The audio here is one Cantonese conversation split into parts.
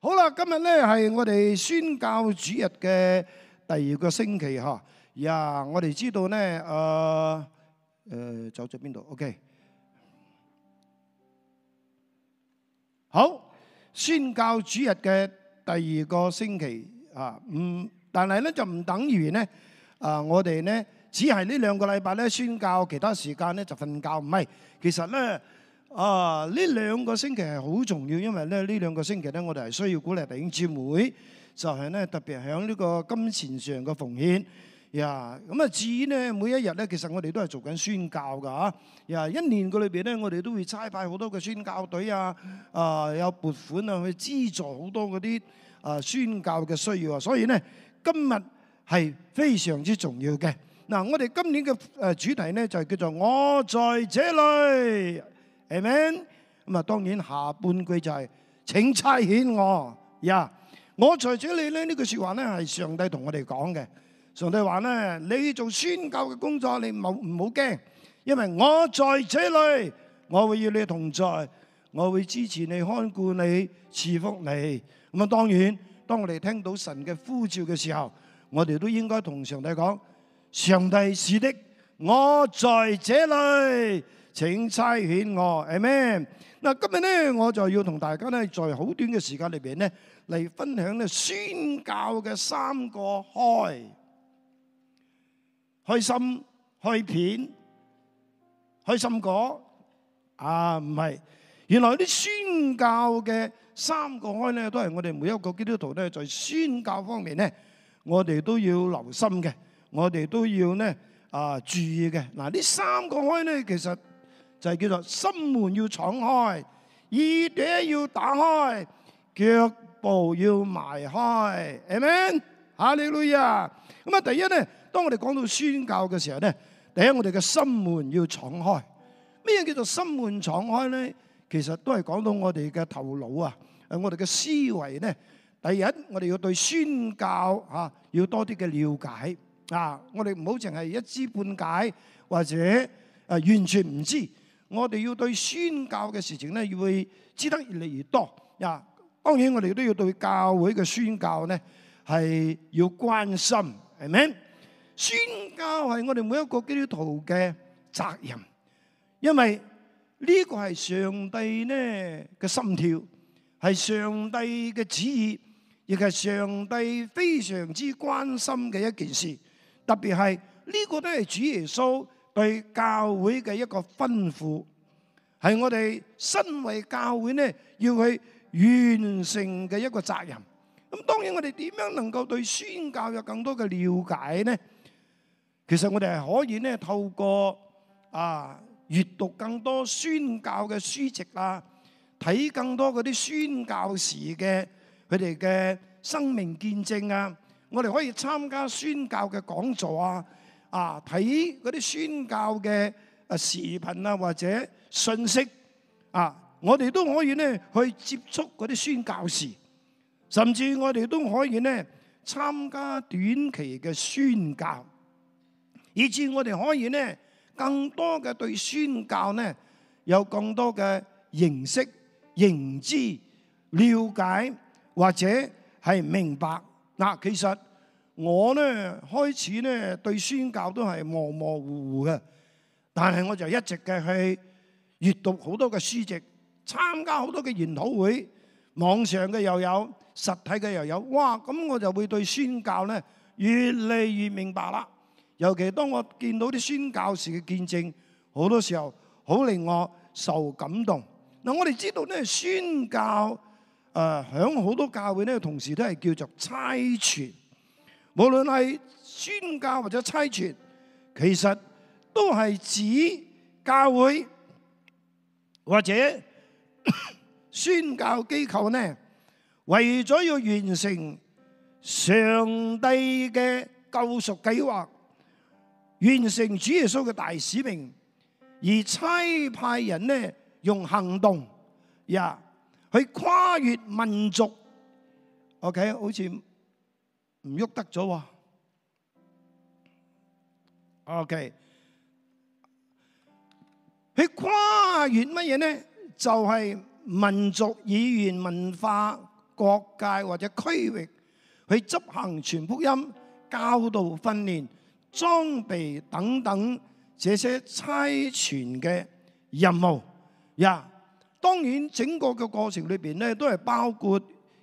好啦，今日咧係我哋宣教主日嘅第二個星期哈。呀，我哋知道咧，誒誒，走咗邊度？OK。好，宣教主日嘅第二個星期啊，唔，但係咧就唔等於咧，啊，我哋咧只係呢兩個禮拜咧宣教，其他時間咧就瞓覺，唔係，其實咧。啊！呢兩個星期係好重要，因為咧呢兩個星期咧，我哋係需要鼓勵弟兄姊妹，就係、是、咧特別響呢個金錢上嘅奉獻呀。咁啊，至於咧每一日咧，其實我哋都係做緊宣教噶。呀，一年嘅裏邊咧，我哋都會差派好多嘅宣教隊啊，啊有撥款啊去資助好多嗰啲啊宣教嘅需要啊。所以咧，今日係非常之重要嘅。嗱、啊，我哋今年嘅誒主題咧就係叫做我在這裏。阿們。咁啊，當然下半句就係請差遣我。呀，我在這裏咧，呢句說話咧係上帝同我哋講嘅。上帝話咧，你做宣教嘅工作，你唔唔好驚，因為我在這裏，我會與你同在，我會支持你、看顧你、賜福你。咁啊，當然，當我哋聽到神嘅呼召嘅時候，我哋都應該同上帝講：上帝是的，我在這裏。請差遣我，Amen。嗱，今日咧，我就要同大家咧，在好短嘅時間裏邊咧，嚟分享咧宣教嘅三個開，開心、開片、開心果。啊，唔係，原來啲宣教嘅三個開咧，都係我哋每一個基督徒咧，在宣教方面咧，我哋都要留心嘅，我哋都要咧啊注意嘅。嗱，呢三個開咧，其實就係叫做心門要敞開，耳朵要打開，腳步要邁開。阿們？哈利路亞啊！咁啊，第一咧，當我哋講到宣教嘅時候咧，第一我哋嘅心門要敞開。咩叫做心門敞開咧？其實都係講到我哋嘅頭腦啊，誒，我哋嘅思維咧。第一，我哋要，要對宣教吓要多啲嘅了解啊！我哋唔好淨係一知半解或者誒完全唔知道。我哋要對宣教嘅事情咧，要會知得越嚟越多。嗱，當然我哋都要對教會嘅宣教咧，係要關心，係咪？宣教係我哋每一個基督徒嘅責任，因為呢個係上帝咧嘅心跳，係上帝嘅旨意，亦係上帝非常之關心嘅一件事。特別係呢個都係主耶穌。對教會嘅一個吩咐，係我哋身為教會呢，要去完成嘅一個責任。咁當然，我哋點樣能夠對宣教有更多嘅了解呢？其實我哋係可以呢，透過啊閱讀更多宣教嘅書籍啊，睇更多嗰啲宣教士嘅佢哋嘅生命見證啊，我哋可以參加宣教嘅講座啊。啊！睇嗰啲宣教嘅啊視頻啊，或者信息啊，我哋都可以咧去接觸嗰啲宣教士，甚至我哋都可以咧參加短期嘅宣教，以至我哋可以咧更多嘅對宣教咧有更多嘅認識認知、了解或者係明白。嗱，啊，其實。我咧開始咧對宣教都係模模糊糊嘅，但係我就一直嘅去閱讀好多嘅書籍，參加好多嘅研討會，網上嘅又有，實體嘅又有。哇！咁我就會對宣教咧越嚟越明白啦。尤其當我見到啲宣教士嘅見證，好多時候好令我受感動。嗱，我哋知道咧宣教誒響好多教會咧，同時都係叫做差傳，無論係宣教或者差傳，其實都係指教會或者宣教機構呢，為咗要完成上帝嘅救贖計劃，完成主耶穌嘅大使命，而差派人呢用行動呀去跨越民族。OK，好似。唔喐得咗喎。OK，去跨越乜嘢呢？就係民族語言、文化、國界或者區域，去執行傳福音、教導、訓練、裝備等等這些差傳嘅任務。呀，當然整個嘅過程裏邊咧，都係包括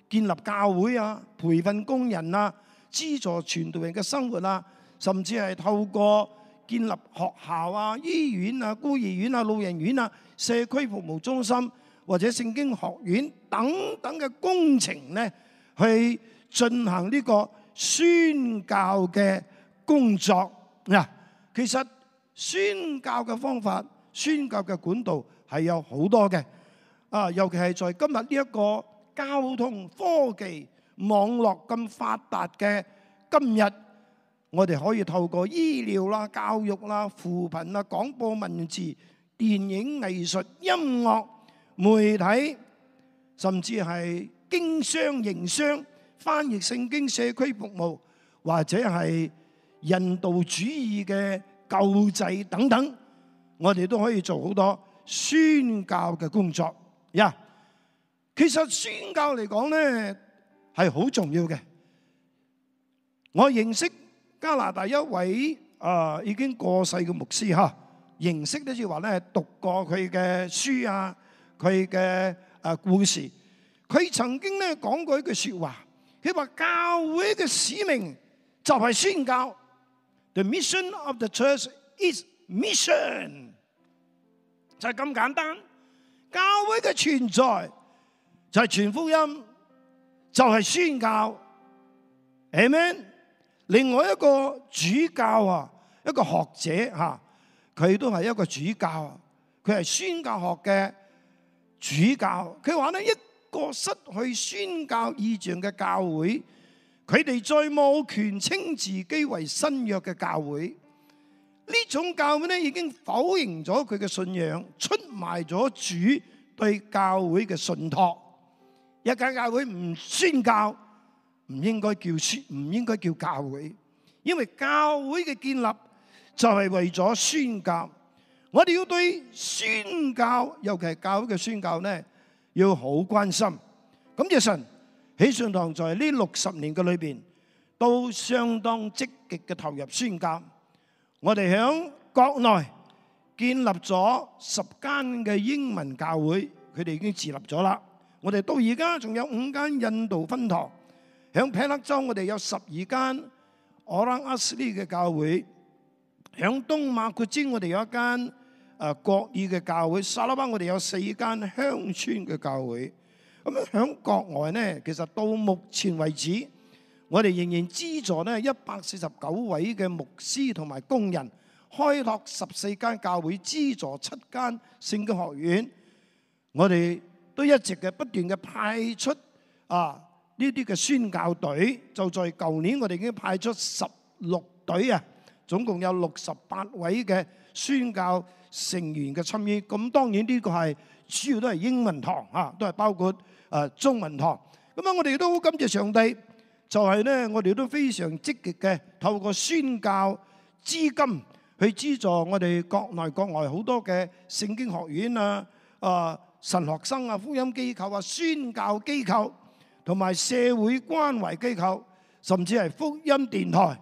建立教會啊、培訓工人啊。資助傳道人嘅生活啦，甚至係透過建立學校啊、醫院啊、孤兒院啊、老人院啊、社區服務中心或者聖經學院等等嘅工程咧，去進行呢個宣教嘅工作。嗱，其實宣教嘅方法、宣教嘅管道係有好多嘅。啊，尤其係在今日呢一個交通科技。網絡咁發達嘅今日，我哋可以透過醫療啦、教育啦、扶貧啦、廣播文字、電影藝術、音樂媒體，甚至係經商營商、翻譯聖經、社區服務，或者係人道主義嘅救濟等等，我哋都可以做好多宣教嘅工作。呀，其實宣教嚟講咧。係好重要嘅。我認識加拿大一位啊已經過世嘅牧師哈，認識呢就話咧讀過佢嘅書啊，佢嘅啊故事。佢曾經咧講過一句說話，佢話教會嘅使命就係宣教：The mission of the church is mission，就係咁簡單。教會嘅存在就係傳福音。就係宣教，誒咩？另外一個主教啊，一個學者吓，佢都係一個主教，佢係宣教學嘅主教。佢話呢，一個失去宣教異象嘅教會，佢哋再冇權稱自己為新約嘅教會。呢種教會咧已經否認咗佢嘅信仰，出賣咗主對教會嘅信託。一間教會唔宣教，唔應該叫宣，唔應該叫教會，因為教會嘅建立就係為咗宣教。我哋要對宣教，尤其係教會嘅宣教呢，要好關心。咁嘅神起信堂在呢六十年嘅裏邊，都相當積極嘅投入宣教。我哋響國內建立咗十間嘅英文教會，佢哋已經自立咗啦。我哋到而家仲有五間印度分堂，響霹靂州我哋有十二間 Orang Asli 嘅教會，響東馬古晉我哋有一間誒國語嘅教會，沙拉班，我哋有四間鄉村嘅教會。咁響國外呢，其實到目前為止，我哋仍然資助呢一百四十九位嘅牧師同埋工人，開拓十四間教會，資助七間聖經學院，我哋。都一直嘅不斷嘅派出啊呢啲嘅宣教隊，就在舊年我哋已經派出十六隊啊，總共有六十八位嘅宣教成員嘅參與。咁當然呢個係主要都係英文堂嚇，都係包括誒中文堂。咁啊，我哋都好感謝上帝，就係咧我哋都非常積極嘅透過宣教資金去資助我哋國內國外好多嘅聖經學院啊啊，神學生啊，福音機構啊，宣教機構同埋社會關懷機構，甚至係福音電台，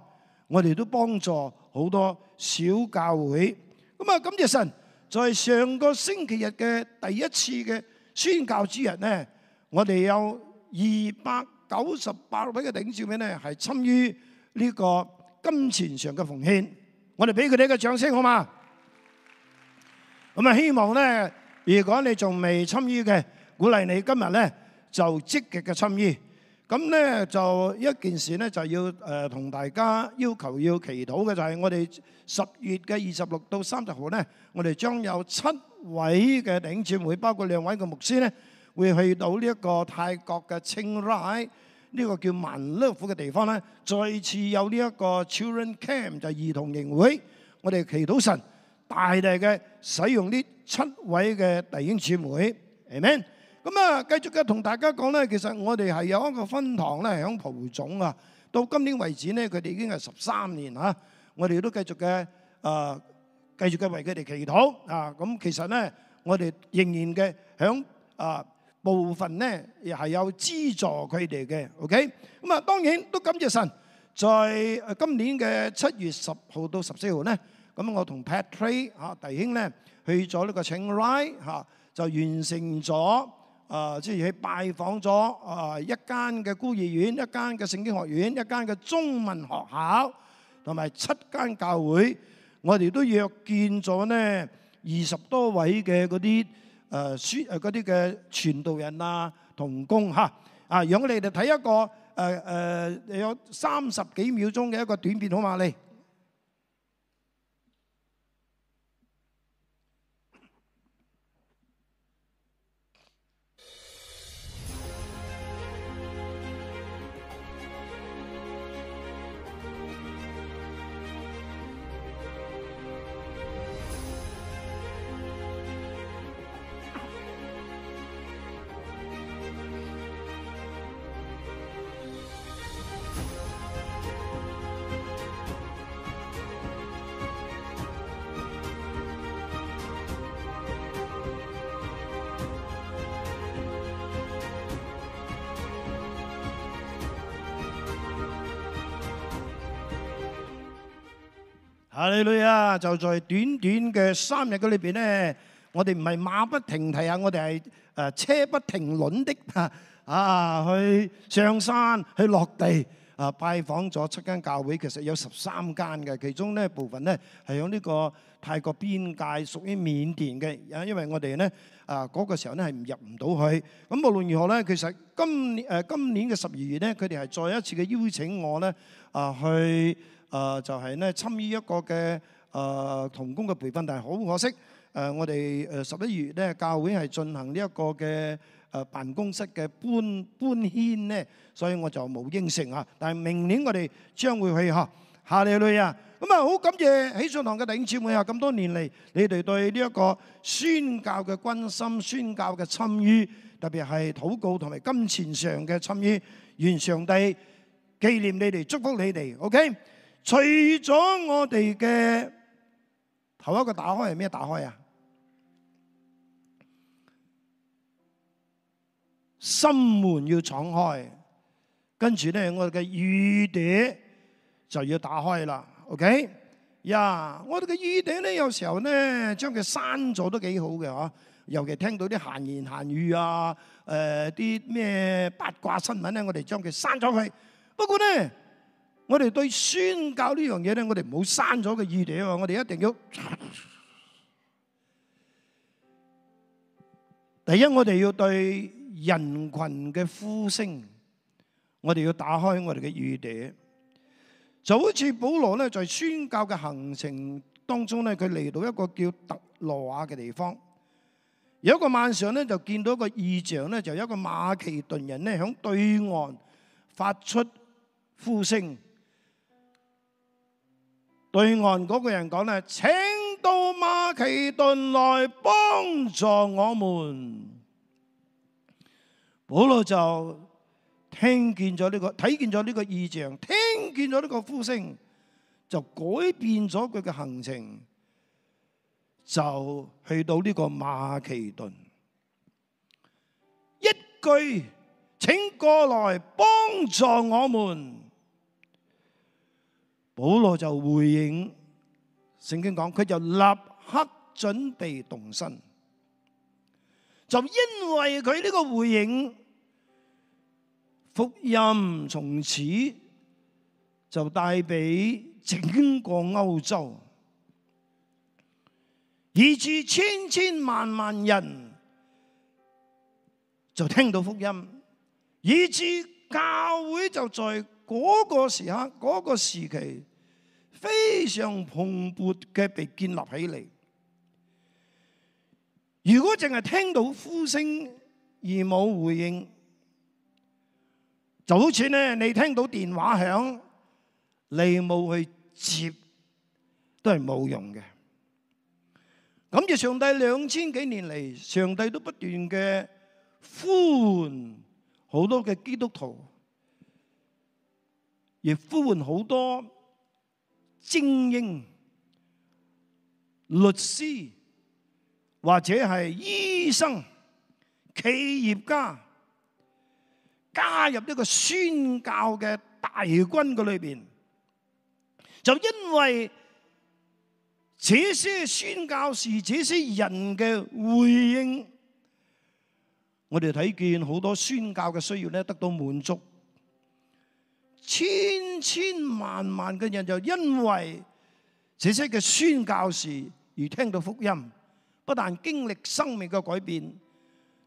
我哋都幫助好多小教會。咁啊，感謝神！在、就是、上個星期日嘅第一次嘅宣教之日呢，我哋有二百九十八位嘅頂少咩呢，係參與呢個金錢上嘅奉獻。我哋俾佢哋一個掌聲，好嘛？咁啊，希望呢。如果你仲未參與嘅，鼓勵你今日咧就積極嘅參與。咁咧就一件事咧就要誒同大家要求要祈禱嘅就係我哋十月嘅二十六到三十號咧，我哋將有七位嘅頂展會，包括兩位嘅牧師咧，會去到呢一個泰國嘅清萊，呢個叫萬樂府嘅地方咧，再次有呢一個 Children Camp 就兒童營會，我哋祈禱神。大大嘅使用呢七位嘅弟兄姊妹，amen。咁啊，繼續嘅同大家講咧，其實我哋係有一個分堂咧，喺蒲總啊。到今年為止咧，佢哋已經係十三年啊。我哋都繼續嘅誒，繼續嘅為佢哋祈禱啊。咁其實咧，我哋仍然嘅響啊部分咧，亦係有資助佢哋嘅。OK。咁啊，當然都感謝神，在今年嘅七月十號到十四號咧。咁我同 Patrick 嚇弟兄咧去咗呢個 Chiang Rai 嚇，就完成咗啊，即係去拜訪咗啊一間嘅孤兒院、一間嘅聖經學院、一間嘅中文學校，同埋七間教會。我哋都約見咗咧二十多位嘅嗰啲誒書誒嗰啲嘅傳道人啊同工嚇。啊，讓你哋嚟睇一個誒誒有三十幾秒鐘嘅一個短片好嘛，你？啊！你女啊，就在短短嘅三日嘅裏邊咧，我哋唔係馬不停蹄啊，我哋係誒車不停輪的啊！啊，去上山去落地啊，拜訪咗七間教會，其實有十三間嘅，其中呢部分咧係有呢個泰國邊界屬於緬甸嘅，因因為我哋咧啊嗰個時候咧係入唔到去。咁無論如何咧，其實今誒今年嘅十二月咧，佢哋係再一次嘅邀請我咧啊去。啊，就係咧，參與一個嘅啊，同工嘅培訓，但係好可惜。誒，我哋誒十一月咧，教會係進行呢一個嘅誒辦公室嘅搬搬遷咧，所以我就冇應承啊。但係明年我哋將會去嚇下嚟去啊。咁啊，好感謝喜信堂嘅弟兄姊妹啊！咁多年嚟，你哋對呢一個宣教嘅關心、宣教嘅參與，特別係禱告同埋金錢上嘅參與，願上帝紀念你哋，祝福你哋。OK。除咗我哋嘅頭一個打開係咩打開啊？心門要敞開，跟住咧我哋嘅耳朵就要打開啦。OK，呀，我哋嘅耳朵咧，有時候咧，將佢刪咗都幾好嘅嗬。尤其聽到啲閒言閒語啊，誒啲咩八卦新聞咧，我哋將佢刪咗佢。不過咧。我哋對宣教呢樣嘢咧，我哋唔好刪咗個耳朵，我哋一定要。第一，我哋要對人群嘅呼聲，我哋要打開我哋嘅耳朵。就好似保羅咧，在宣教嘅行程當中咧，佢嚟到一個叫特羅亞嘅地方，有一個晚上咧，就見到一個異象咧，就有一個馬其頓人咧，響對岸發出呼聲。對岸嗰個人講咧，請到馬其頓來幫助我們。保羅就聽見咗呢個，睇見咗呢個異象，聽見咗呢個呼聲，就改變咗佢嘅行程，就去到呢個馬其頓。一句，請過來幫助我們。保羅就回應，聖經講佢就立刻準備動身，就因為佢呢個回應，福音從此就帶俾整個歐洲，以至千千萬萬人就聽到福音，以至教會就在。嗰個時刻，嗰個時期非常蓬勃嘅被建立起嚟。如果淨係聽到呼聲而冇回應，就好似咧你聽到電話響，你冇去接都係冇用嘅。咁就上帝兩千幾年嚟，上帝都不斷嘅呼喚好多嘅基督徒。亦呼喚好多精英、律師或者係醫生、企業家加入呢個宣教嘅大軍裏邊，就因為這些宣教士，這些人嘅回應，我哋睇見好多宣教嘅需要咧得到滿足。千千萬萬嘅人就因為這些嘅宣教士而聽到福音，不但經歷生命嘅改變，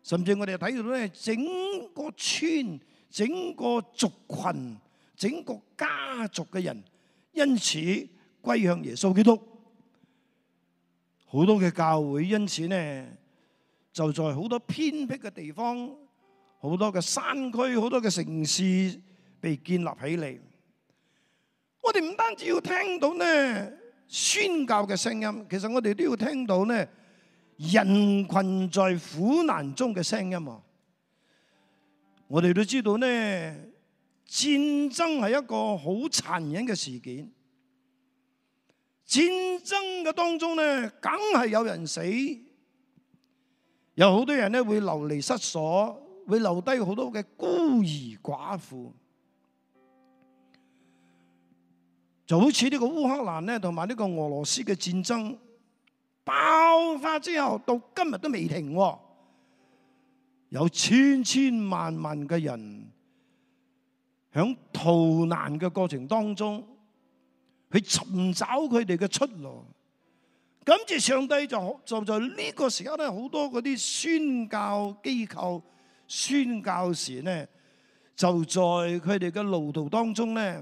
甚至我哋睇到咧整個村、整個族羣、整個家族嘅人，因此歸向耶穌基督。好多嘅教會因此咧，就在好多偏僻嘅地方、好多嘅山區、好多嘅城市被建立起嚟，我哋唔單止要聽到呢宣教嘅聲音，其實我哋都要聽到呢人群在苦難中嘅聲音。我哋都知道呢戰爭係一個好殘忍嘅事件，戰爭嘅當中呢，梗係有人死，有好多人呢會流離失所，會留低好多嘅孤兒寡婦。就好似呢個烏克蘭咧，同埋呢個俄羅斯嘅戰爭爆發之後，到今日都未停，哦。有千千萬萬嘅人喺逃難嘅過程當中，去尋找佢哋嘅出路。咁即係上帝就就就呢個時間咧，好多嗰啲宣教機構、宣教士咧，就在佢哋嘅路途當中咧。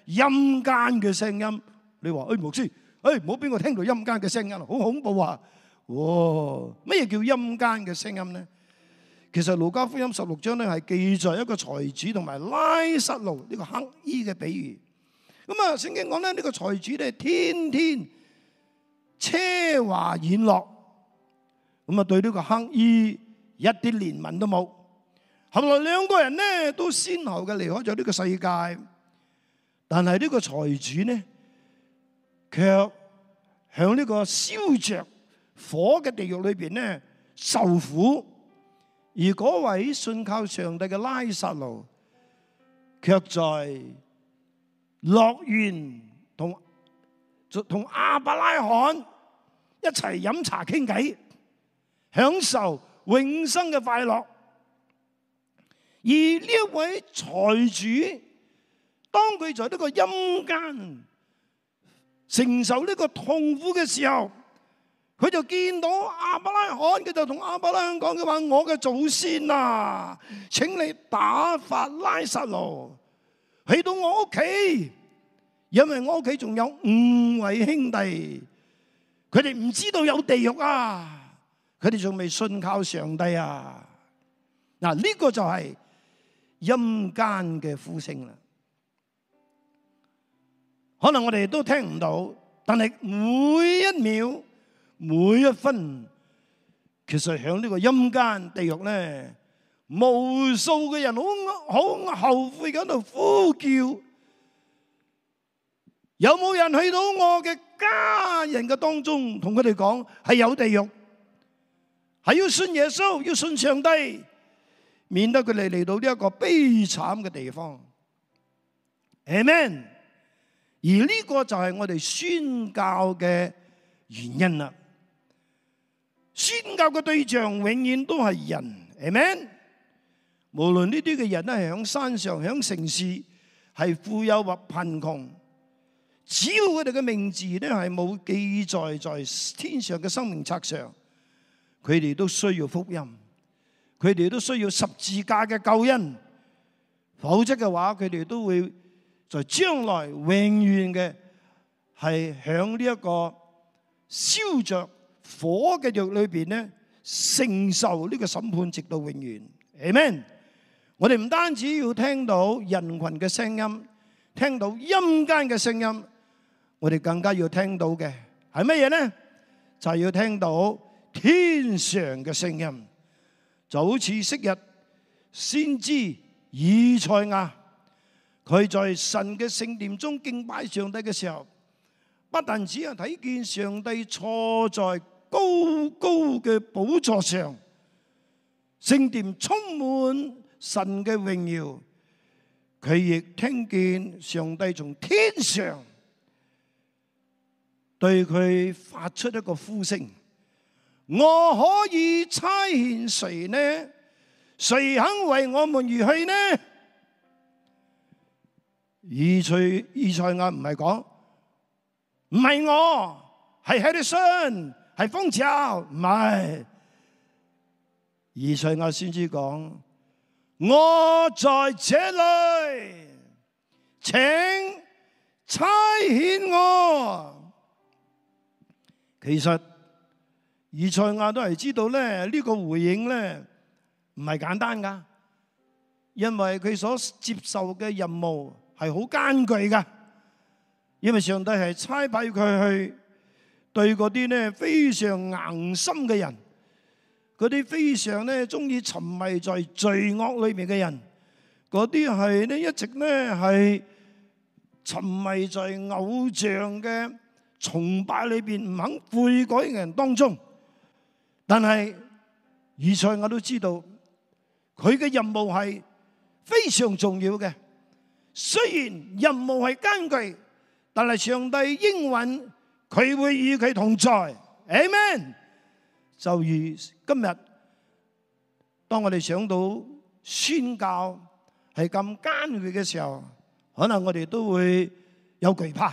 陰間嘅聲音，你話誒牧師，誒唔好俾我聽到陰間嘅聲音，好恐怖啊！哇，咩叫陰間嘅聲音咧？其實《路加福音》十六章咧係記載一個財主同埋拉撒路呢個乞兒嘅比喻。咁啊，聖經講咧呢個財主咧天天奢華宴樂，咁啊對呢個乞兒一啲憐憫都冇。後來兩個人咧都先後嘅離開咗呢個世界。但係呢個財主呢，卻喺呢個燒着火嘅地獄裏邊呢受苦；而嗰位信靠上帝嘅拉撒路，卻在樂園同同亞伯拉罕一齊飲茶傾偈，享受永生嘅快樂。而呢位財主。當佢在呢個陰間承受呢個痛苦嘅時候，佢就見到亞伯拉罕，佢就同亞伯拉罕講：「佢話我嘅祖先啊，請你打發拉撒路去到我屋企，因為我屋企仲有五位兄弟，佢哋唔知道有地獄啊，佢哋仲未信靠上帝啊。」嗱，呢個就係陰間嘅呼聲啦。可能我哋都聽唔到，但係每一秒、每一分，其實響呢個陰間地獄咧，無數嘅人好好後悔咁喺度呼叫，有冇人去到我嘅家人嘅當中，同佢哋講係有地獄，係要信耶穌，要信上帝，免得佢哋嚟到呢一個悲慘嘅地方。阿門。而呢個就係我哋宣教嘅原因啦。宣教嘅對象永遠都係人，Amen。無論呢啲嘅人咧，喺山上、喺城市，係富有或貧窮，只要佢哋嘅名字咧係冇記載在天上嘅生命冊上，佢哋都需要福音，佢哋都需要十字架嘅救恩，否則嘅話，佢哋都會。就將來永遠嘅係響呢一個燒着火嘅獄裏邊咧，承受呢個審判直到永遠。Amen。我哋唔單止要聽到人群嘅聲音，聽到陰間嘅聲音，我哋更加要聽到嘅係乜嘢呢？就係要聽到天上嘅聲音，就好似昔日先知以賽亞。佢在神嘅聖殿中敬拜上帝嘅時候，不但只係睇見上帝坐在高高嘅寶座上，聖殿充滿神嘅榮耀，佢亦聽見上帝從天上對佢發出一個呼聲：我可以差遣誰呢？誰肯為我們而去呢？以賽以賽亞唔係講，唔係我，係 Edison，係風潮，唔係。以賽亞先至講，我在這裏，請差遣我。其實以賽亞都係知道咧，呢個回應咧唔係簡單噶，因為佢所接受嘅任務。係好艱巨噶，因為上帝係差派佢去對嗰啲咧，非常硬心嘅人，嗰啲非常咧中意沉迷在罪惡裏邊嘅人，嗰啲係咧一直咧係沉迷在偶像嘅崇拜裏邊唔肯悔改嘅人當中。但係，以賽亞我都知道佢嘅任務係非常重要嘅。雖然任務係艱巨，但係上帝應允佢會與佢同在。阿門。就如今日，當我哋想到宣教係咁艱巨嘅時候，可能我哋都會有懼怕。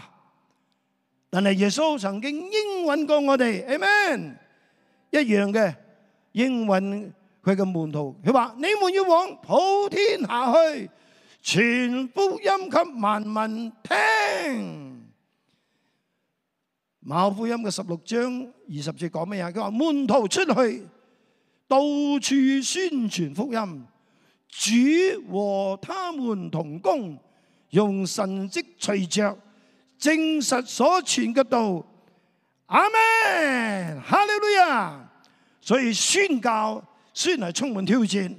但係耶穌曾經應允過我哋，阿門。一樣嘅應允佢嘅門徒，佢話，你們要往普天下去。傳福音給萬民，民聽，馬福音嘅十六章二十節講咩啊？佢話門徒出去，到處宣傳福音，主和他們同工，用神蹟隨着，證實所傳嘅道。阿門，哈利路亞。所以宣教雖然係充滿挑戰。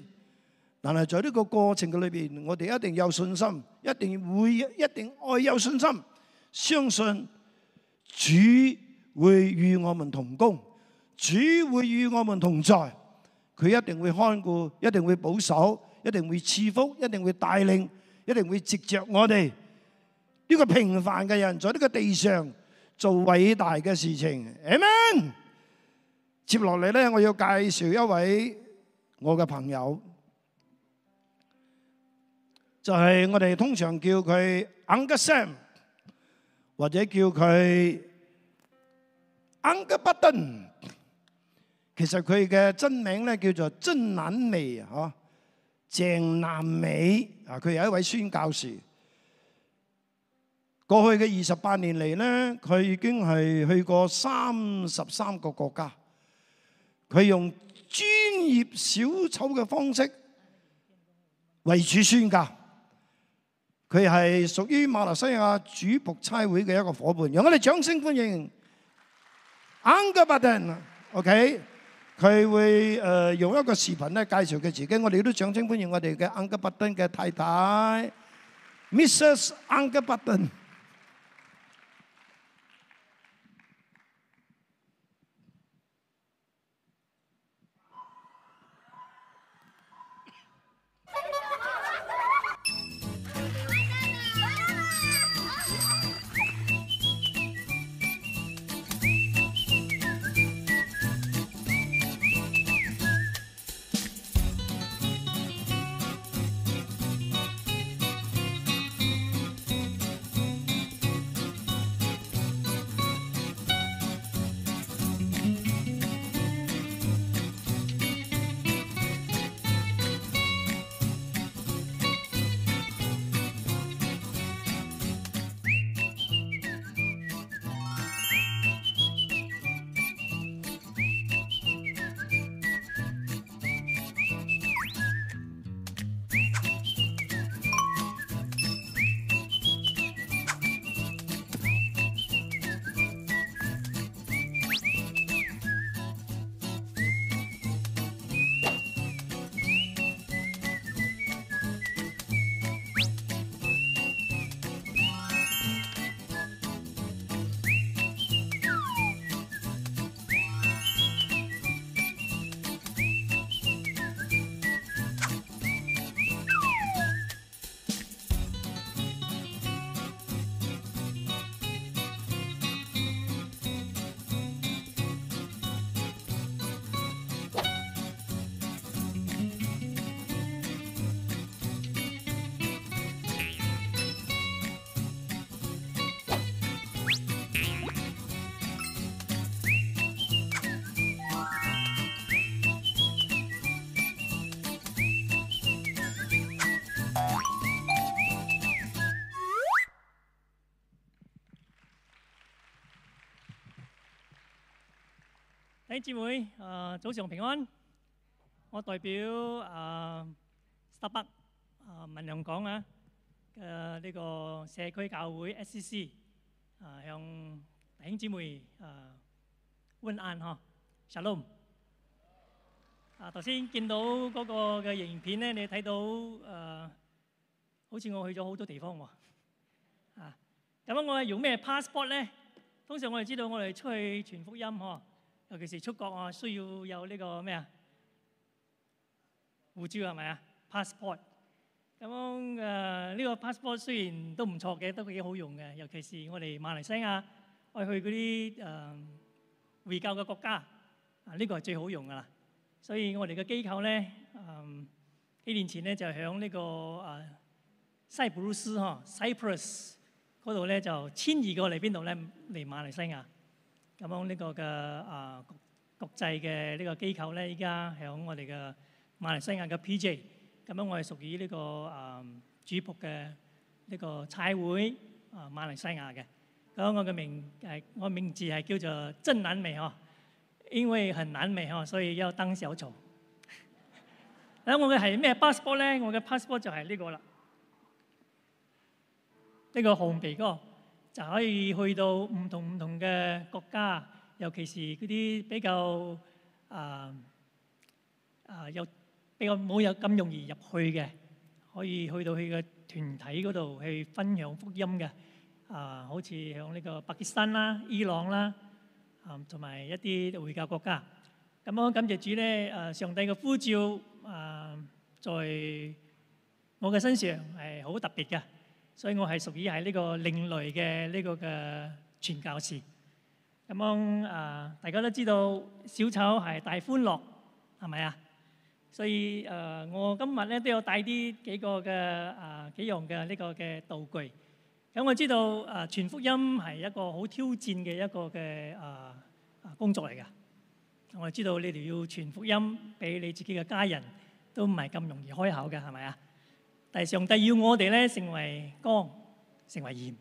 但係在呢個過程嘅裏邊，我哋一定有信心，一定會一定愛有信心，相信主會與我們同工，主會與我們同在，佢一定會看顧，一定會保守，一定會賜福，一定會帶領，一定會藉著我哋呢個平凡嘅人，在呢個地上做偉大嘅事情。阿們，接落嚟呢，我要介紹一位我嘅朋友。就係我哋通常叫佢 Uncle Sam，或者叫佢 Uncle Button，其實佢嘅真名咧叫做鄭南美啊，鄭南美啊，佢係一位宣教士。過去嘅二十八年嚟咧，佢已經係去過三十三個國家，佢用專業小丑嘅方式為主宣教。佢係屬於馬來西亞主僕差會嘅一個夥伴，讓我哋掌聲歡迎 Angela Burton，OK？佢會誒用一個視頻咧介紹佢自己，我哋亦都掌聲歡迎我哋嘅 Angela Burton 嘅太太，Mrs Angela Burton。姐妹，誒早上平安。我代表誒 Setapak 誒文良港嘅誒呢個社區教會 S.C.C. 誒向弟兄姊妹誒問安呵，shalom。啊，頭先見到嗰個嘅影片咧，你睇到誒好似我去咗好多地方喎。啊，咁我係用咩 passport 咧？通常我哋知道我哋出去傳福音呵。尤其是出國啊，需要有呢個咩啊護照係咪啊 passport？咁誒呢個 passport 雖然都唔錯嘅，都幾好用嘅。尤其是我哋馬來西亞，我哋去嗰啲誒回教嘅國家啊，呢個係最好用㗎啦。所以我哋嘅機構咧，嗯幾年前咧就響呢個誒塞浦路斯嗬 Cyprus 嗰度咧，就遷移過嚟邊度咧？嚟馬來西亞。咁樣呢個嘅啊國際嘅呢個機構咧，依家係喺我哋嘅馬來西亞嘅 PJ。咁樣我係屬於呢個啊主僕嘅呢個差會啊馬來西亞嘅。咁我嘅名誒我名字係叫做真南美哦，因為很南美哦，所以要當小丑。咁我嘅係咩 passport 咧？我嘅 passport 就係呢個啦，呢個紅鼻哥。就可以去到唔同唔同嘅國家，尤其是嗰啲比較啊啊有比較冇有咁容易入去嘅，可以去到佢嘅團體嗰度去分享福音嘅啊、呃，好似響呢個巴基斯坦啦、伊朗啦，同、呃、埋一啲回教國家。咁我感謝主咧，誒、呃、上帝嘅呼召啊、呃，在我嘅身上係好特別嘅。所以我係屬於係呢個另類嘅呢個嘅傳教士。咁樣啊，大家都知道小丑係大歡樂，係咪啊？所以啊，我今日咧都有帶啲幾個嘅啊幾樣嘅呢個嘅道具。咁我知道啊，傳福音係一個好挑戰嘅一個嘅啊啊工作嚟㗎。我係知道你哋要傳福音俾你自己嘅家人都唔係咁容易開口嘅，係咪啊？但係上帝要我哋咧成為光，成為鹽。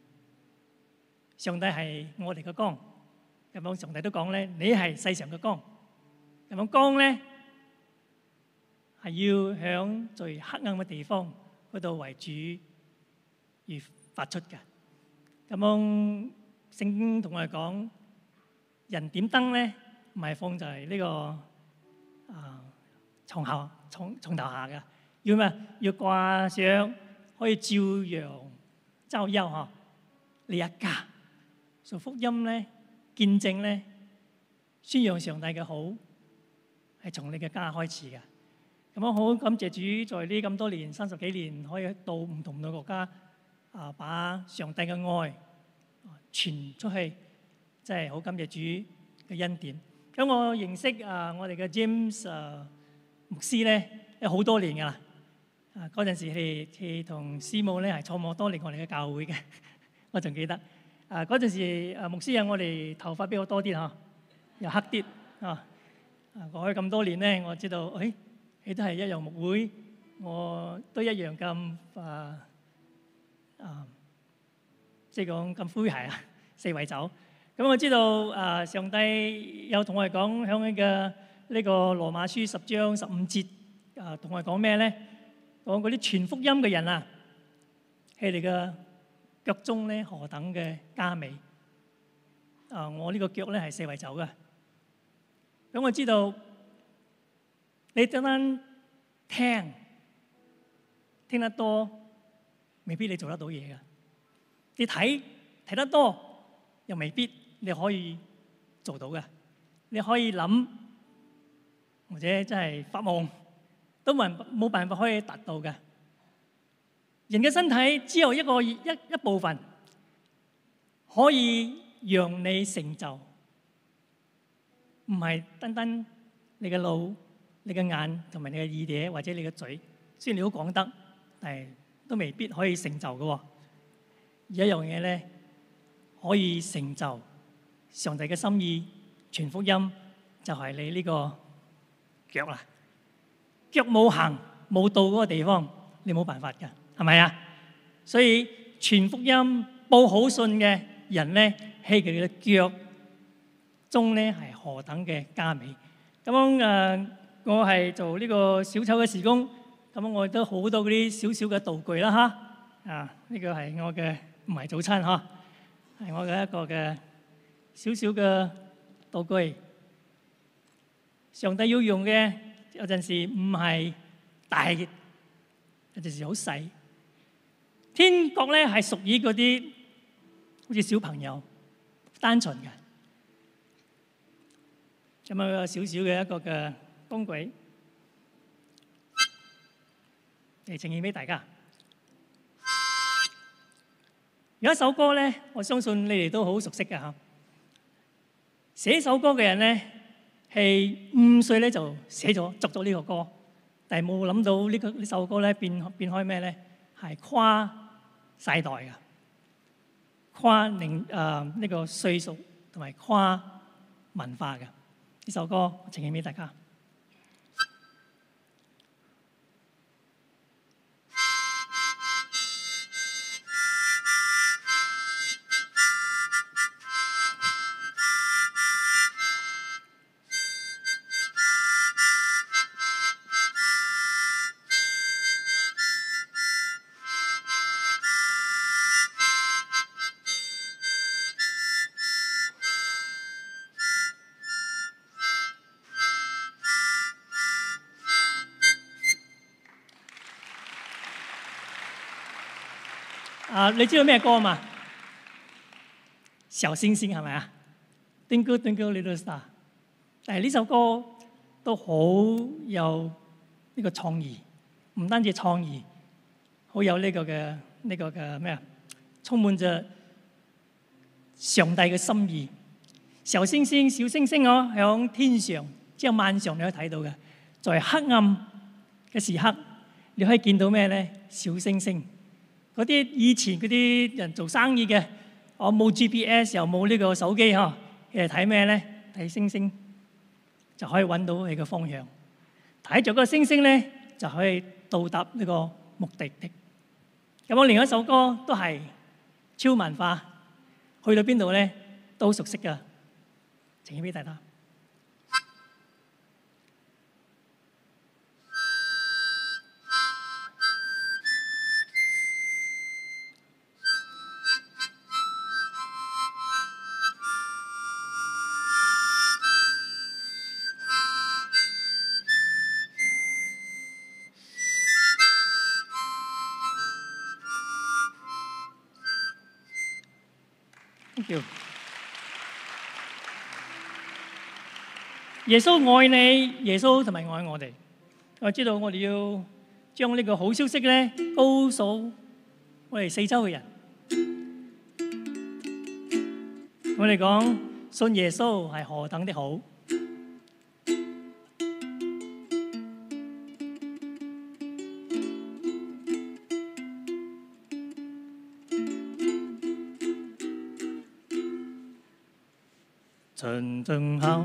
上帝係我哋嘅光，咁上帝都講咧，你係世上嘅光。咁光咧係要響最黑暗嘅地方嗰度為主而發出嘅。咁樣聖經同我哋講，人點燈咧，唔係放就係呢個啊，床下床床頭下嘅。要咩？要掛上可以照陽周休吓？你一家做福音咧，見證咧，宣揚上帝嘅好係從你嘅家開始嘅。咁我好感謝主，在呢咁多年三十幾年，可以到唔同嘅國家啊，把上帝嘅愛傳出去，真係好感謝主嘅恩典。咁我認識啊，我哋嘅 James 啊牧師咧，有好多年噶啦。嗰陣時，佢佢同師母咧係坐望多年，我哋嘅教會嘅，我仲記得。啊，嗰陣時啊，牧師有我哋頭髮比較多啲嚇，又黑啲嚇。過去咁多年咧，我知道誒，你都係一樣牧會，我都一樣咁啊啊，即係講咁灰係啊，四圍走。咁我知道啊，上帝有同我講響呢個呢個羅馬書十章十五節啊，同我講咩咧？講嗰啲傳福音嘅人啊，喺你嘅腳中咧何等嘅佳美啊！我呢個腳咧係四圍走噶，咁我知道你單單聽聽得多，未必你做得到嘢噶。你睇睇得多，又未必你可以做到噶。你可以諗，或者真係發夢。都冇冇辦法可以達到嘅。人嘅身體只有一個一一部分可以讓你成就，唔係單單你嘅腦、你嘅眼同埋你嘅耳朵或者你嘅嘴。雖然你都講得，但係都未必可以成就嘅。而一樣嘢咧可以成就上帝嘅心意、全福音，就係你呢個腳啦。腳冇行冇到嗰個地方，你冇辦法噶，係咪啊？所以傳福音、報好信嘅人咧，喺佢哋嘅腳蹤咧係何等嘅佳美。咁啊，我係做呢個小丑嘅事工，咁我亦都好多嗰啲少少嘅道具啦，吓啊！呢個係我嘅唔係早餐嗬，係我嘅一個嘅少少嘅道具。上帝要用嘅。有陣時唔係大的，有陣時好細。天國咧係屬於嗰啲好似小朋友、單純嘅。有冇個小小嘅一個嘅工具嚟呈現俾大家？有一首歌咧，我相信你哋都好熟悉嘅嚇。寫首歌嘅人咧，係五歲咧就寫咗作咗呢個歌，但係冇諗到呢個呢首歌咧變變開咩咧？係跨世代嘅，跨年誒呢個歲數同埋跨文化嘅呢首歌，我呈現俾大家。啊，你知道咩歌嘛？小星星係咪啊？Twinkle, twinkle, little star。但係呢首歌都好有呢個創意，唔單止創意，好有呢個嘅呢個嘅咩啊？充滿着上帝嘅心意。小星星，小星星哦，響天上，即係晚上你可以睇到嘅，在黑暗嘅時刻，你可以見到咩咧？小星星。嗰啲以前嗰啲人做生意嘅，我冇 GPS 又冇呢個手機呵，佢哋睇咩咧？睇星星就可以揾到你嘅方向。睇著個星星咧，就可以到達呢個目的地。咁我另一首歌都係超文化，去到邊度咧都熟悉噶，呈現俾大家。耶穌愛你，耶穌同埋愛我哋。我知道我哋要將呢個好消息咧，告訴我哋四周嘅人，我哋講信耶穌係何等的好。陳振浩。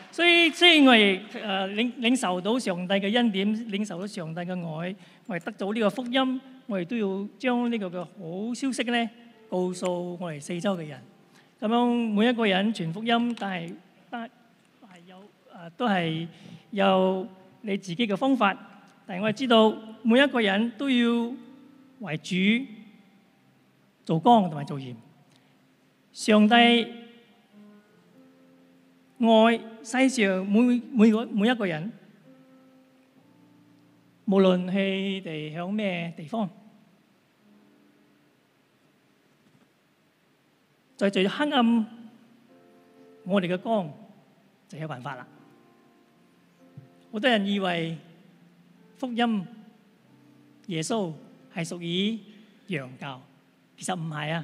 所以，雖然我哋誒領領受到上帝嘅恩典，領受到上帝嘅愛，我哋得到呢個福音，我哋都要將呢個嘅好消息咧，告訴我哋四周嘅人。咁樣每一個人傳福音，但係都係有誒，都係有你自己嘅方法。但係我哋知道，每一個人都要為主做光同埋做鹽。上帝愛世上每每個每一個人，無論佢哋喺咩地方，在最黑暗，我哋嘅光就有辦法啦。好多人以為福音耶穌係屬於洋教，其實唔係啊！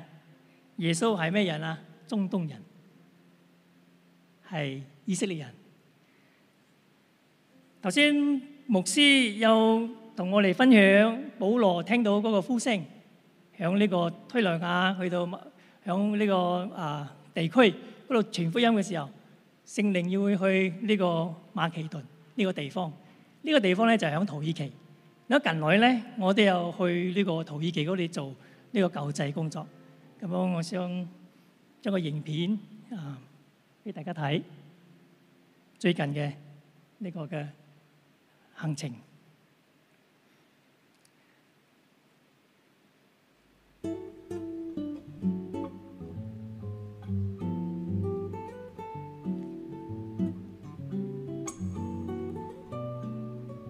耶穌係咩人啊？中東人。係以色列人。頭先牧師又同我哋分享，保羅聽到嗰個呼聲，響呢個推拿亞去到響呢個啊地區嗰度傳福音嘅時候，聖靈要去呢個馬其頓呢個地方，呢個地方咧就喺土耳其。咁近來咧，我哋又去呢個土耳其嗰度做呢個救濟工作。咁我我想將個影片啊～俾大家睇最近嘅呢個嘅行程。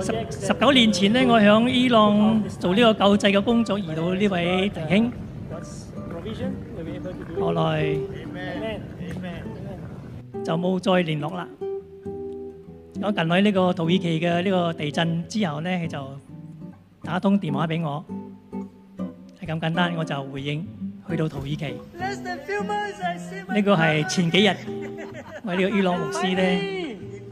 十十九年前咧，我響伊朗做呢個救濟嘅工作，遇到呢位弟兄，後來就冇再聯絡啦。咁近來呢個土耳其嘅呢個地震之後咧，佢就打通電話俾我，係咁簡單，我就回應去到土耳其。呢個係前幾日，我呢個伊朗牧師咧。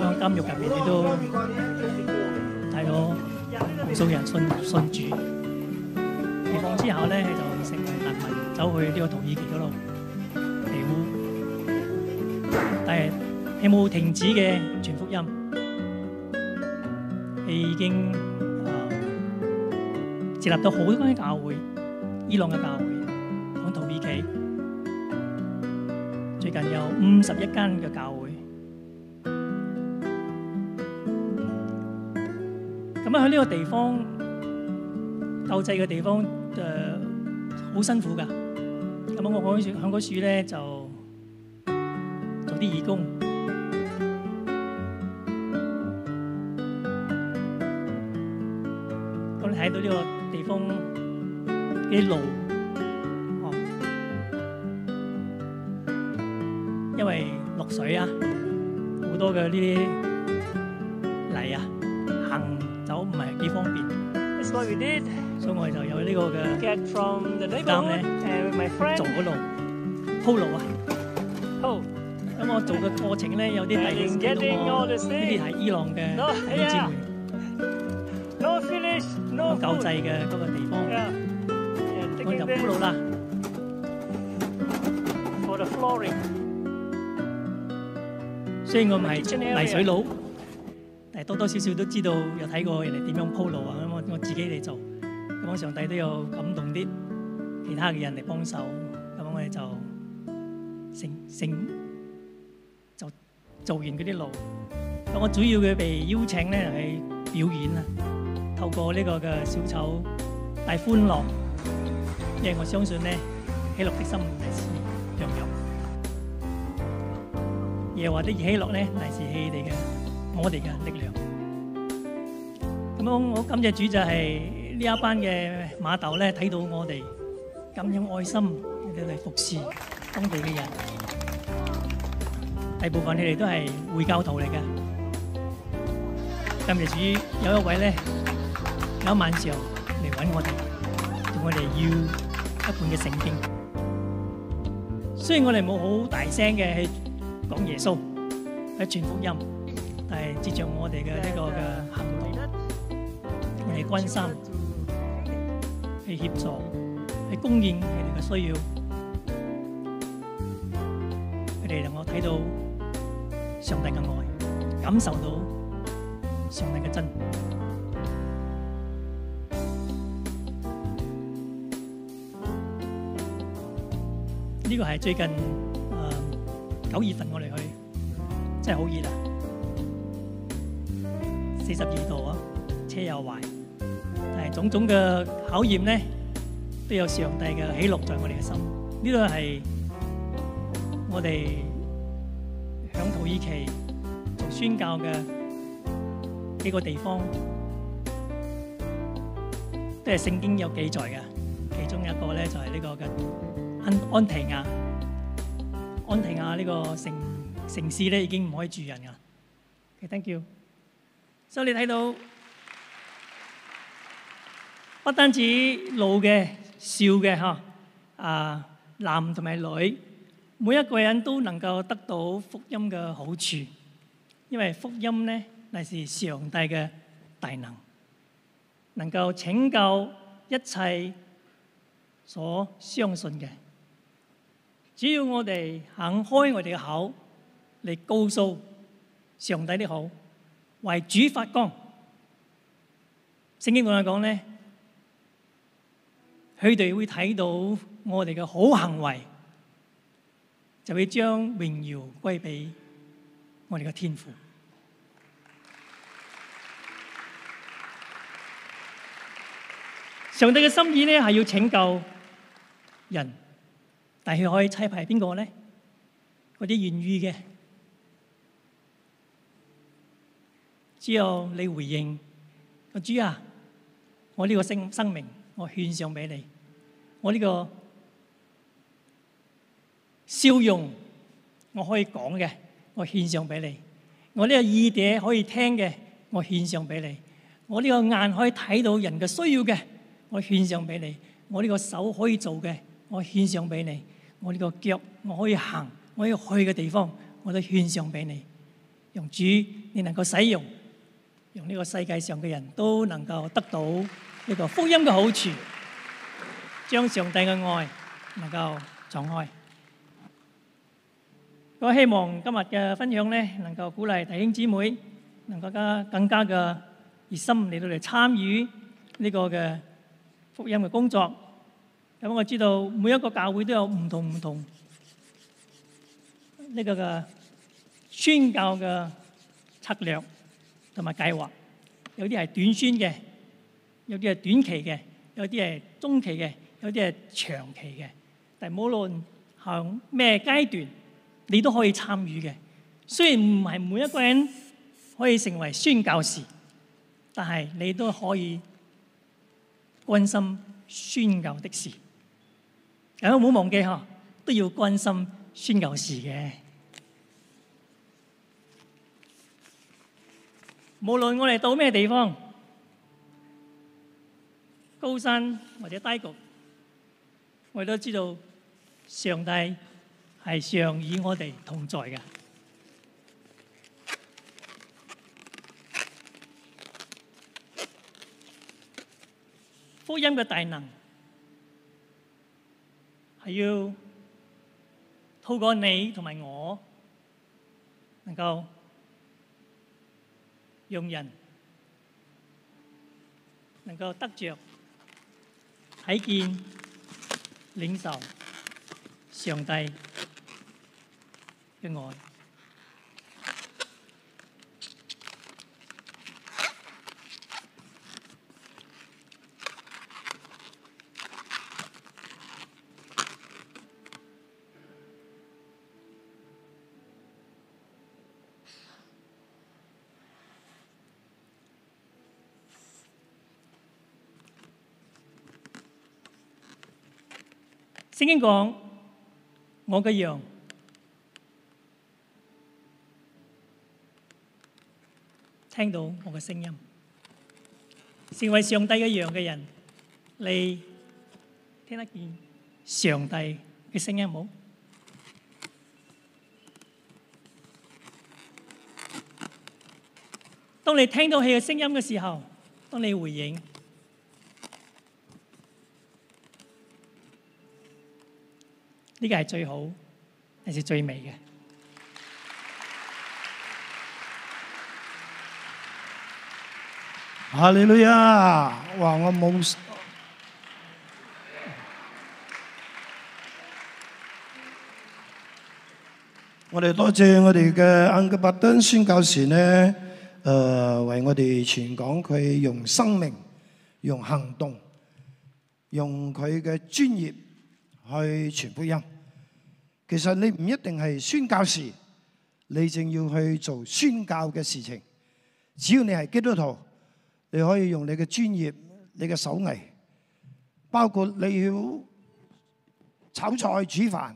喺監獄入面，佢都帶咗無數人信信主。釋放之後咧，佢就成為難民，走去呢個土耳其嗰度避烏。但係佢冇停止嘅傳福音，佢已經設立咗好多間教會。伊朗嘅教會響土耳其，最近有五十一間嘅教會。咁喺呢個地方鬥製嘅地方誒，好、呃、辛苦㗎。咁我響嗰處，響嗰處咧就做啲義工。咁你睇到呢個地方啲路，哦，因為落水啊，好多嘅呢啲。我哋就有呢個嘅擔咧，做嗰度鋪路啊。好，咁我做嘅過程咧有啲弟兄同我，呢啲係伊朗嘅兄弟。我教制嘅嗰個地方，我就鋪路啦，for the flooring。雖然我唔係泥水佬，但係多多少少都知道，有睇過人哋點樣鋪路啊。咁我我自己嚟做。咁啊！上帝都要感動啲其他嘅人嚟幫手，咁我哋就成成就做完嗰啲路。咁我主要嘅被邀請呢係表演啊，透過呢個嘅小丑帶歡樂，因為我相信呢喜樂的心乃是良藥，耶和華的喜樂呢嚟自你哋嘅我哋嘅力量。咁啊，我感謝主就係。呢一班嘅馬豆咧，睇到我哋咁有愛心，你哋嚟服侍當地嘅人。大部分你哋都係會教徒嚟嘅，甚至於有一位咧，有一晚上嚟揾我哋，同我哋要一本嘅聖經。雖然我哋冇好大聲嘅去講耶穌，去傳福音，但係接住我哋嘅呢個嘅行動我哋關心。去協助，去供應佢哋嘅需要，佢哋能夠睇到上帝嘅愛，感受到上帝嘅真。呢個係最近九月份我哋去，真係好熱啊，四十二度啊，車又壞。種種嘅考驗咧，都有上帝嘅喜樂在我哋嘅心。呢度係我哋響土耳其做宣教嘅幾個地方，都係聖經有記載嘅。其中一個咧就係呢個嘅安安提亞，安提亞呢個城城市咧已經唔可以住人㗎。Okay，thank you。所以你睇到。不單止老嘅，少嘅嗬，啊男同埋女，每一個人都能夠得到福音嘅好處，因為福音咧，乃是上帝嘅大能，能夠拯救一切所相信嘅。只要我哋肯開我哋嘅口嚟告訴上帝的好，為主發光，聖經同我哋講咧。佢哋會睇到我哋嘅好行為，就會將榮耀歸畀我哋嘅天父。上帝嘅心意呢係要拯救人，但係佢可以差派邊個呢？嗰啲願意嘅，只有你回應阿主啊！我呢個生生命。我獻上俾你，我呢個笑容我可以講嘅，我獻上俾你；我呢個耳朵可以聽嘅，我獻上俾你；我呢個眼可以睇到人嘅需要嘅，我獻上俾你；我呢個手可以做嘅，我獻上俾你；我呢個腳我可以行，我要去嘅地方我都獻上俾你，讓主你能夠使用，讓呢個世界上嘅人都能夠得到。呢個福音嘅好處，將上帝嘅愛能夠敞開。我希望今日嘅分享咧，能夠鼓勵弟兄姊妹，能夠加更加嘅熱心嚟到嚟參與呢個嘅福音嘅工作。咁我知道每一個教會都有唔同唔同呢個嘅宣教嘅策略同埋計劃，有啲係短宣嘅。有啲係短期嘅，有啲係中期嘅，有啲係長期嘅。但係無論行咩階段，你都可以參與嘅。雖然唔係每一個人可以成為宣教士，但係你都可以關心宣教的事。大家唔好忘記呵，都要關心宣教士嘅。無論我哋到咩地方。高山或者低谷，我哋都知道上帝係常與我哋同在嘅。福音嘅大能係要透過你同埋我，能夠讓人能夠得著。睇見領受上帝嘅愛。聖經講，我嘅羊聽到我嘅聲音，成為上帝嘅羊嘅人，你聽得見上帝嘅聲音冇？當你聽到佢嘅聲音嘅時候，當你回應。呢個係最好，又係最美嘅。哈利路亞！哇，我冇。我哋多謝我哋嘅安格巴登宣教士呢，誒，為我哋全港佢用生命、用行動、用佢嘅專業，去傳福音，其實你唔一定係宣教士，你仲要去做宣教嘅事情。只要你係基督徒，你可以用你嘅專業、你嘅手藝，包括你要炒菜煮飯，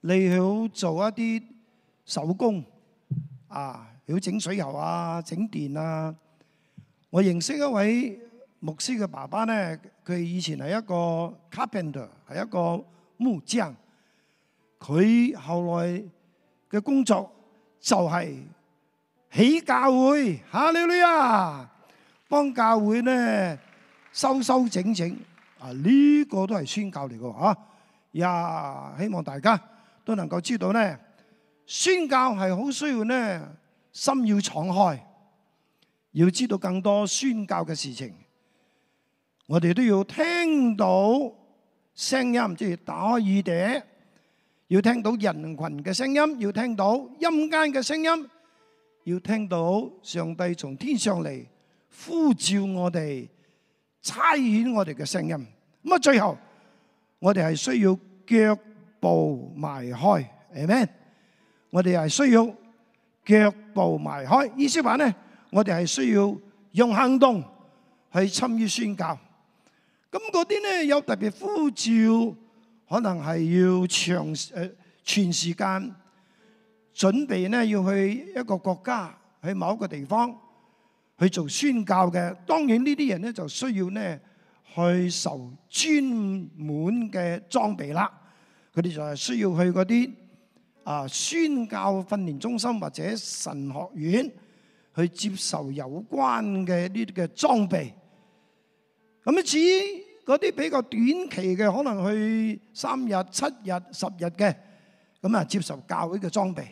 你要做一啲手工，啊，要整水喉啊、整電啊。我認識一位。牧師嘅爸爸咧，佢以前係一個 carpenter，係一個木匠。佢後來嘅工作就係起教會，嚇你你啊，Hallelujah! 幫教會咧修修整整啊！呢、這個都係宣教嚟嘅吓呀，啊、yeah, 希望大家都能夠知道咧，宣教係好需要咧，心要敞開，要知道更多宣教嘅事情。我哋都要聽到聲音，即係打開耳朵，要聽到人群嘅聲音，要聽到陰間嘅聲音，要聽到上帝從天上嚟呼召我哋、差遣我哋嘅聲音。咁啊，最後我哋係需要腳步邁開，Amen。我哋係需要腳步邁開，意思話咧，我哋係需要用行動去參與宣教。咁嗰啲咧有特別呼召，可能係要長誒全時間準備咧，要去一個國家，去某一個地方，去做宣教嘅。當然呢啲人咧就需要咧去受專門嘅裝備啦。佢哋就係需要去嗰啲啊宣教訓練中心，或者神學院去接受有關嘅呢啲嘅裝備。咁啊，至於嗰啲比較短期嘅，可能去三日、七日、十日嘅，咁啊，接受教會嘅裝備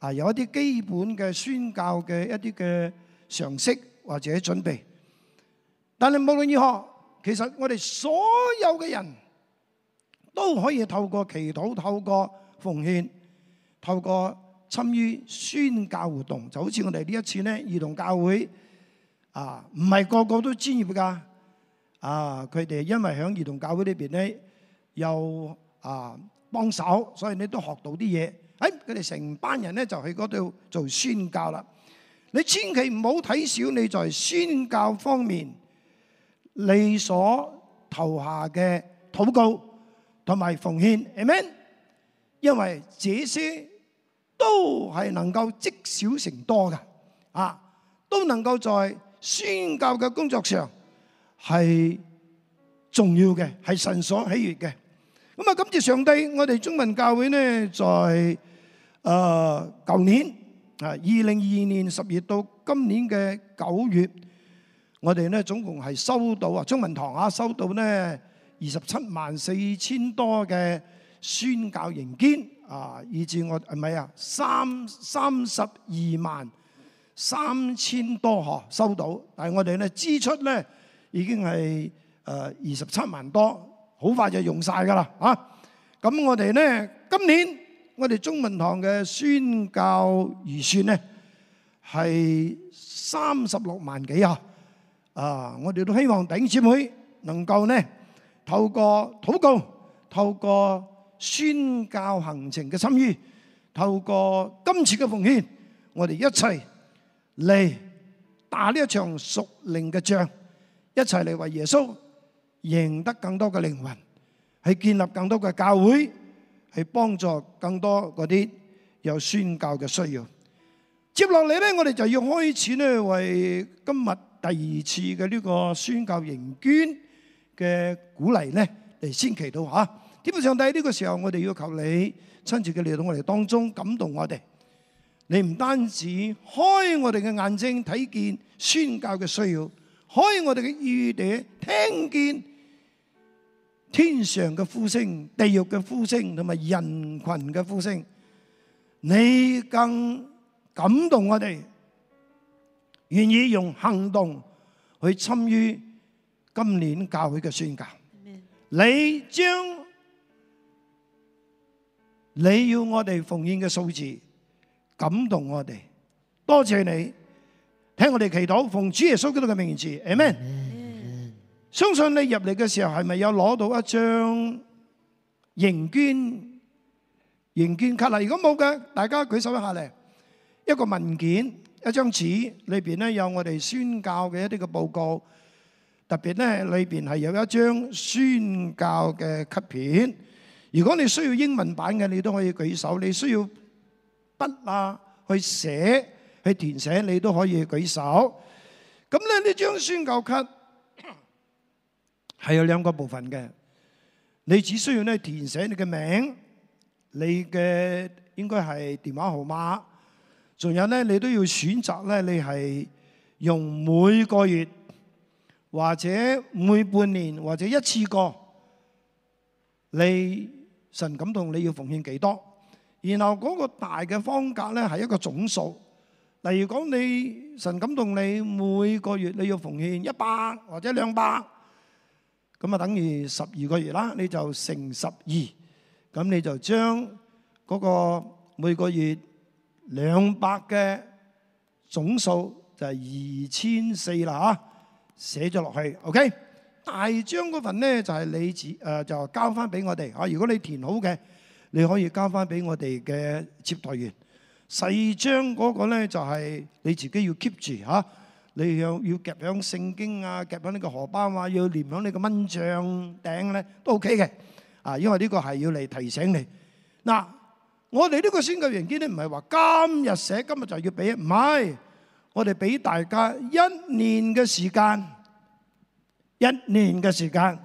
啊，有一啲基本嘅宣教嘅一啲嘅常識或者準備。但係無論如何，其實我哋所有嘅人都可以透過祈禱、透過奉獻、透過參與宣教活動，就好似我哋呢一次咧，兒童教會啊，唔係個個都專業㗎。啊！佢哋因為喺兒童教會呢邊咧，又啊幫手，所以你都學到啲嘢。誒，佢哋成班人咧就去嗰度做宣教啦。你千祈唔好睇小你在宣教方面你所投下嘅禱告同埋奉獻，Amen。因為這些都係能夠積少成多嘅，啊，都能夠在宣教嘅工作上，係重要嘅，係神所喜悅嘅。咁啊，感謝上帝，我哋中文教會咧，在誒舊年啊，二零二二年十月到今年嘅九月，我哋咧總共係收到啊，中文堂啊收到咧二十七萬四千多嘅宣教認捐啊，以至我係咪啊三三十二萬三千多呵，收到。但係我哋咧支出咧，已經係誒二十七萬多，好快就用曬㗎啦嚇。咁我哋咧今年我哋中文堂嘅宣教預算咧係三十六萬幾啊。啊，我哋都希望頂姊妹能夠咧透過禱告、透過宣教行程嘅參與、透過今次嘅奉獻，我哋一齊嚟打呢一場屬靈嘅仗。一齊嚟為耶穌贏得更多嘅靈魂，去建立更多嘅教會，去幫助更多嗰啲有宣教嘅需要。接落嚟咧，我哋就要開始咧，為今日第二次嘅呢個宣教認捐嘅鼓勵咧，嚟先祈禱吓。天父上帝，呢個時候我哋要求你親自嘅嚟到我哋當中感動我哋。你唔單止開我哋嘅眼睛睇見宣教嘅需要。開，我哋嘅耳朵聽見天上嘅呼聲、地獄嘅呼聲同埋人群嘅呼聲，你更感動我哋，願意用行動去參與今年教會嘅宣教。你將你要我哋奉獻嘅數字感動我哋，多謝你。聽我哋祈禱，奉主耶穌基督嘅名字，阿門。相信你入嚟嘅時候，係咪有攞到一張認捐認捐卡啊？如果冇嘅，大家舉手一下咧。一個文件，一張紙，裏邊咧有我哋宣教嘅一啲嘅報告，特別咧裏邊係有一張宣教嘅卡片。如果你需要英文版嘅，你都可以舉手。你需要筆啊，去寫。去填寫，你都可以舉手。咁咧，呢張宣教卡係有兩個部分嘅。你只需要咧填寫你嘅名、你嘅應該係電話號碼，仲有咧你都要選擇咧，你係用每個月或者每半年或者一次過，你神感動你要奉獻幾多？然後嗰個大嘅方格咧係一個總數。例如講，你神感動你每個月你要奉獻一百或者兩百，咁啊等於十二個月啦，你就乘十二，咁你就將嗰個每個月兩百嘅總數就係二千四啦嚇，寫咗落去。OK，大張嗰份呢，就係、是、你自誒就交翻俾我哋嚇。如果你填好嘅，你可以交翻俾我哋嘅接待員。細張嗰個咧就係你自己要 keep 住嚇，你要要夾響聖經啊，夾響呢個荷包啊，要黏響呢個蚊帳頂咧都 OK 嘅，啊，因為呢個係要嚟提醒你。嗱，我哋呢個宣教文件咧唔係話今日寫今日就要俾，唔係，我哋俾大家一年嘅時間，一年嘅時間。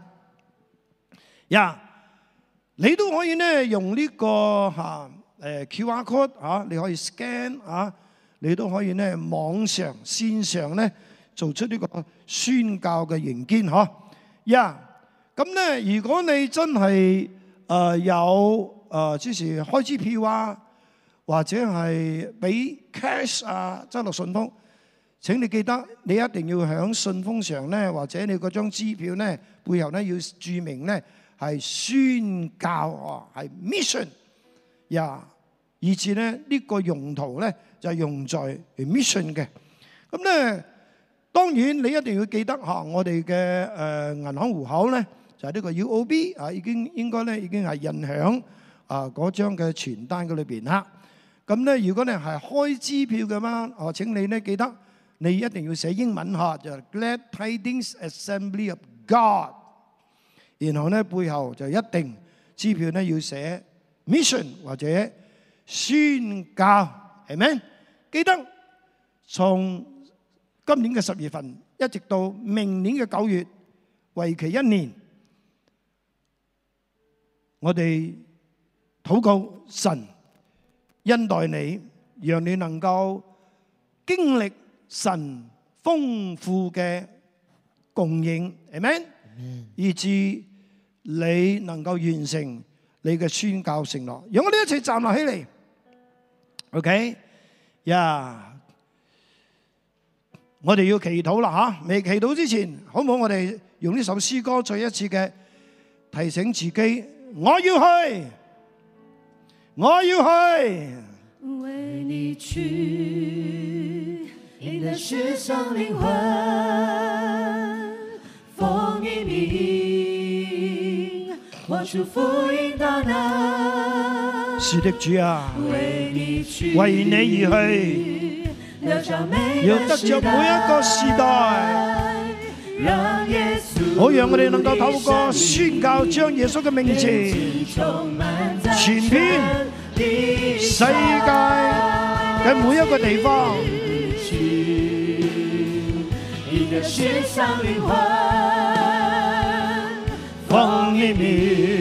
呀，yeah，你都可以咧用呢個嚇。Uh, QR code 嚇、uh，你可以 scan 嚇、uh，你都可以咧網上線上咧做出呢個宣教嘅迎肩。嚇。一咁咧，如果你真係誒、呃、有誒，即、呃、係開支票啊，或者係俾 cash 啊，執落信封。請你記得，你一定要喺信封上咧，或者你嗰張支票咧，背後咧要注明咧係宣教啊，係、uh, mission。呀，以致咧呢個用途咧就用在 emission 嘅。咁咧當然你一定要記得嚇，我哋嘅誒銀行戶口咧就係呢個 UOB 啊，已經應該咧已經係印響啊嗰張嘅傳單嘅裏邊啦。咁咧如果你係開支票嘅嘛，我請你咧記得你一定要寫英文嚇，就 Glad Tidings Assembly of God。然後咧背後就一定支票咧要寫。mission 或者宣教，係咪？記得從今年嘅十月份一直到明年嘅九月，為期一年，我哋禱告神恩待你，讓你能夠經歷神豐富嘅供應，係咪？以致你能夠完成。你嘅宣教承諾，讓我哋一齊站立起嚟。OK，呀，我哋要祈禱啦嚇。未祈禱之前，好唔好我哋用呢首詩歌再一次嘅提醒自己，我要去，我要去。為你去，迎得世上靈魂，風雨中，我祝福。是的，主啊，為你而去，若得着每一個時代，好讓我哋能夠透過宣教，將耶穌嘅名字傳遍世界嘅每一個地方，也獻上靈魂，奉祢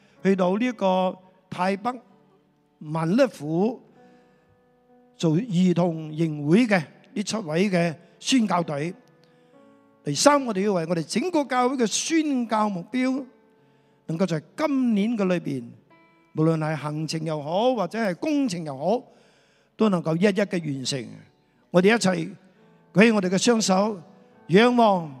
去到呢個泰北萬力府做兒童營會嘅呢七位嘅宣教隊。第三，我哋要為我哋整個教會嘅宣教目標，能夠在今年嘅裏邊，無論係行程又好，或者係工程又好，都能夠一一嘅完成。我哋一齊舉起我哋嘅雙手，仰望。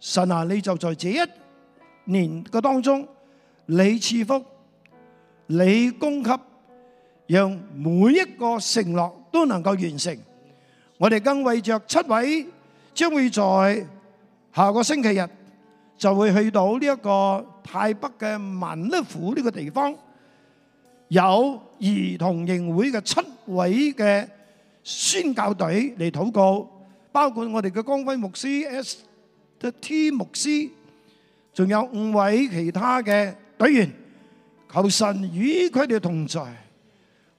神啊！你就在這一年嘅當中，你賜福，你供給，讓每一個承諾都能夠完成。我哋更為著七位將會在下個星期日就會去到呢一個泰北嘅萬粒府呢個地方，有兒童營會嘅七位嘅宣教隊嚟禱告，包括我哋嘅光輝牧師 S。的 T 牧師，仲有五位其他嘅隊員，求神與佢哋同在，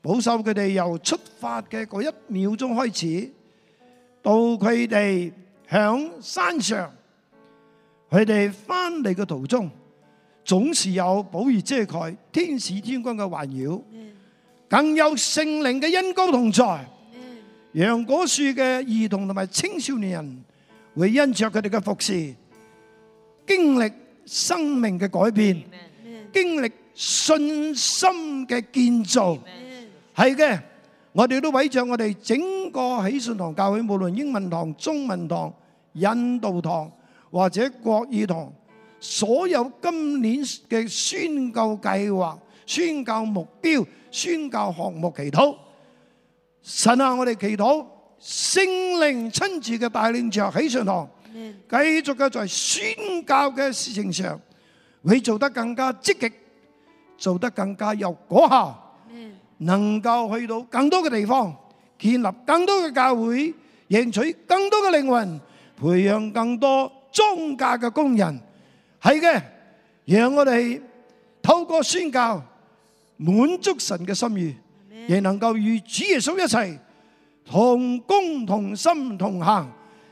保守佢哋由出發嘅嗰一秒鐘開始，到佢哋響山上，佢哋翻嚟嘅途中，總是有寶血遮蓋、天使天軍嘅環繞，更有聖靈嘅恩膏同在，楊果樹嘅兒童同埋青少年人。會因着佢哋嘅服侍，經歷生命嘅改變，經歷信心嘅建造。係嘅，我哋都為著我哋整個喜信堂教會，無論英文堂、中文堂、印度堂或者國語堂，所有今年嘅宣教計劃、宣教目標、宣教項目祈禱，神啊，我哋祈禱。聖靈親自嘅帶領下，喺上堂繼續嘅在宣教嘅事情上，會做得更加積極，做得更加有果效，能夠去到更多嘅地方，建立更多嘅教會，贏取更多嘅靈魂，培養更多莊稼嘅工人。係嘅，讓我哋透過宣教滿足神嘅心意，亦能夠與主耶穌一齊。同工同心同行，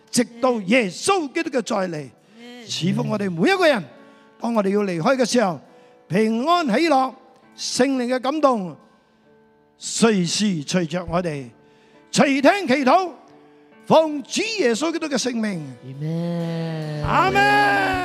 直到耶穌基督嘅再嚟，賜福我哋每一個人。當我哋要離開嘅時候，平安喜樂，聖靈嘅感動，隨時隨着我哋，隨聽祈禱，奉主耶穌基督嘅聖名。阿門。